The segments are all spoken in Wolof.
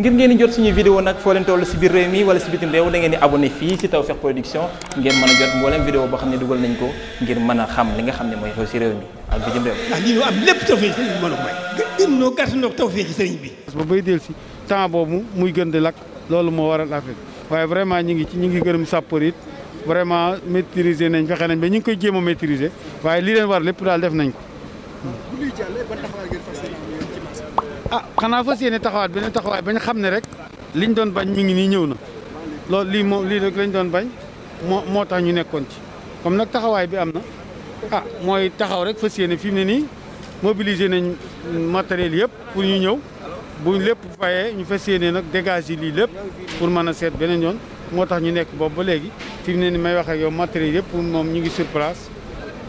ngir ngeen di jot suñu vidéo nag foo leen toll si biir réew mi wala si bitim réew da di abonné fii si Tawfekh Production ngeen mën a jot mboolem vidéo boo xam ne dugal nañ ko ngir mën a xam li nga xam ne mooy xew si réew mi ak bitim réew. ndax lii ñu am lépp Tawfekh sëriñ bi a may. gën sëriñ bi. ba bay del si temps boobu muy gën di lakk loolu moo war waral affaire waaye vraiment ñi ngi ci ñi ngi gërëm sapeur it vraiment maîtriser nañ fexe nañ ba ñu ngi koy jéem a maîtriser waaye li leen war lépp daal def nañ ko ah xanaa fa yéene taxawaat beneen taxawaay bañ xam ne rek liñ doon bañ mi ngi nii ñëw na loolu lii moom lii rek lañ doon bañ moo moo tax ñu nekkoon ci comme nag taxawaay bi am na ah mooy taxaw rek fas yéene fii mu ne nii mobiliser nañ matériel yëpp pour ñu ñëw bu lépp fayee ñu fas yéene nag yi lii lépp pour mën a seet beneen yoon moo tax ñu nekk boobu ba léegi fi mu ne nii may wax ak yow matériel yëpp pour moom ñu ngi sur place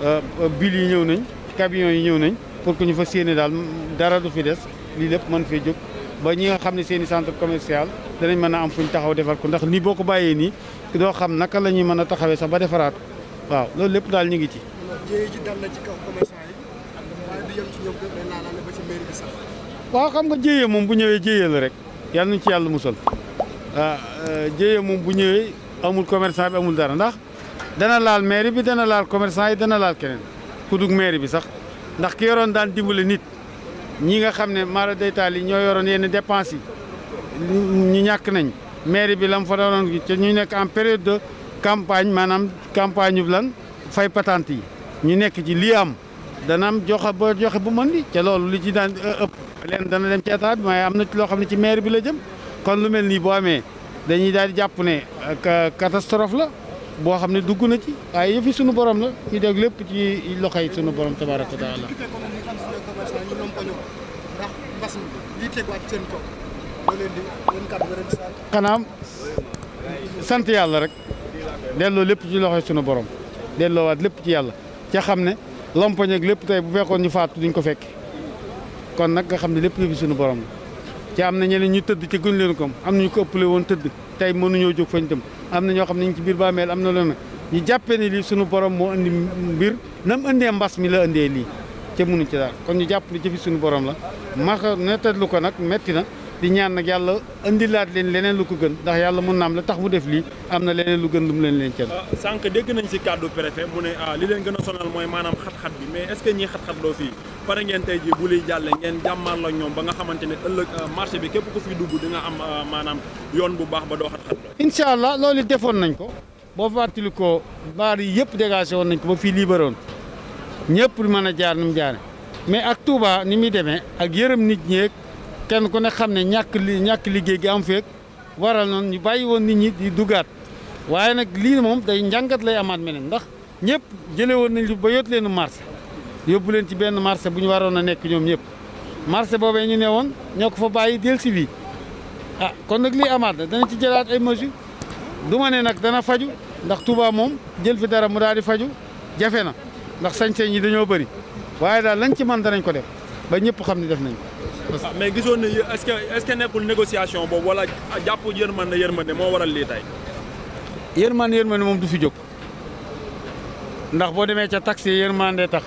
euh, euh, bil yi ñëw nañ camions yi ñëw nañ. pour que ñu fa yéene daal dara du fi des lii lépp man fee jóg ba ñi nga xam ne seeni i centre commercial danañ mën a am fu fuñ taxaw defar ko ndax nii boo ko bàyyee nii doo xam naka la ñuy mën a taxawee sax ba defaraat waaw loolu lépp daal ñu ngi ci. waaw xam nga jéyee moom bu ñëwee jéyee la rek yal nañu ci yàlla musal ah euh, jéyee moom bu ñëwee amul commerçant bi amul dara ndax dana laal mairie bi dana laal commerçant yi dana laal keneen ku dugg bi sax. ndax ki yoroon daan dimbali nit ñi nga xam ne mara daytaal yi ñoo yoroon yenn dépenses yi ñu ñàkk nañ mairie bi la mu fa doon ci ñu nekk en période de campagne maanaam campagne yu lan fay patente yi ñu nekk ci lii am dana am joxe ba joxe bu mën di ca loolu li ci daan e, ëpp leen dana dem ci état bi waaye am na ci loo xam ne ci maire bi la jëm kon lu mel nii boo amee dañuy daal di jàpp ne euh, catastrophe la boo xam ne dugg na ci waaye yëfi sunu borom la ñu dégg lépp ci loxoy sunu borom tabaaraka wa taala xanaam sant yàlla rek delloo lépp ci loxoy sunu borom delloowaat lépp ci yàlla ca xam ne lompoñ lépp tey bu fekkoon ñu faatu duñ ko fekk kon nag nga xam ne lépp yëfi sunu borom la ci am na ñeneen ñu tëdd ci guñ leen kom am na ñu ko ëppale woon tëdd tey mënuñoo jóg fañ dem am na ñoo xam ne ñu ci biir bàmmeel am na loolu ñu jàppee ni lii sunu borom moo indi mbir nam mu mbas mi la indee lii ca mënu ci daal kon ñu jàpp ni jëfi sunu borom la max nettatlu ko nag metti na di ñaan nag yàlla indilaat leen leneen lu ko gën ndax yàlla mun na am la tax mu def lii am na leneen lu gën lu mu leen leen cen euh, sànq dégg nañ si kàddu préfet mu ne euh, li leen gën sonal mooy maanaam xat-xat bi mais est-ce que ñii xat-xat loo fii pare ngeen tey ji bu liy jàllee ngeen jàmmaar la ñoom ba nga xamante ne ëllëg euh, marché bi képp ku fi dugg di am maanaam yoon bu baax ba doo xat-xat incha allah loolu defoon nañ ko boo fàttali ko baar yi yëpp dégagé woon nañ ko ba fii libéré woon ñëpp mën a jaar ni mu jaare mais ak Touba ni muy demee ak yërëm nit ñeeg kenn ku ne xam ne ñàkk li ñàkk liggéey gi am feeg waral noonu ñu bàyyi woon nit ñi di dugaat waaye nag lii moom day njàngat lay amaat meneen ndax ñëpp jëlee woon nañ ba yót leen marché yóbbu leen ci benn marché bu ñu waroon a nekk ñoom ñëpp marché boobee ñu ne woon ñoo ko fa bàyyi del si bii ah kon nag lii amaat na dana ci jëlaat ay mesures du ma ne nag dana faju ndax Touba moom jël fi dara mu daal di faju jafe na ndax sañ yi dañoo bëri waaye daal lañ ci mën danañ ko def ba ñëpp xam ne def nañ mais gisoon na est-ce que est-ce que nekkul négociation boobu wala jàpp yërmande yërmande moo waral lii tey. yërmande yërmande moom du fi jóg ndax boo demee ca taxi yërmande tax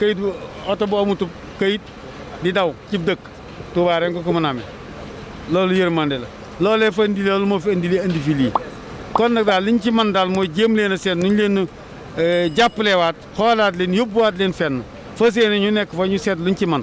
këyit oto bu amutub këyit di daw cib dëkk Touba rek nga ko mën a amee loolu yërmande la loolee fa indi loolu moo fi indi li indi fi kon nag daal li ñu ci mën daal mooy jéem leen a seen nu ñu leen euh, jàppalewaat xoolaat leen yóbbuwaat leen fenn fas yéene ñu nekk fa ñu seet luñ ci man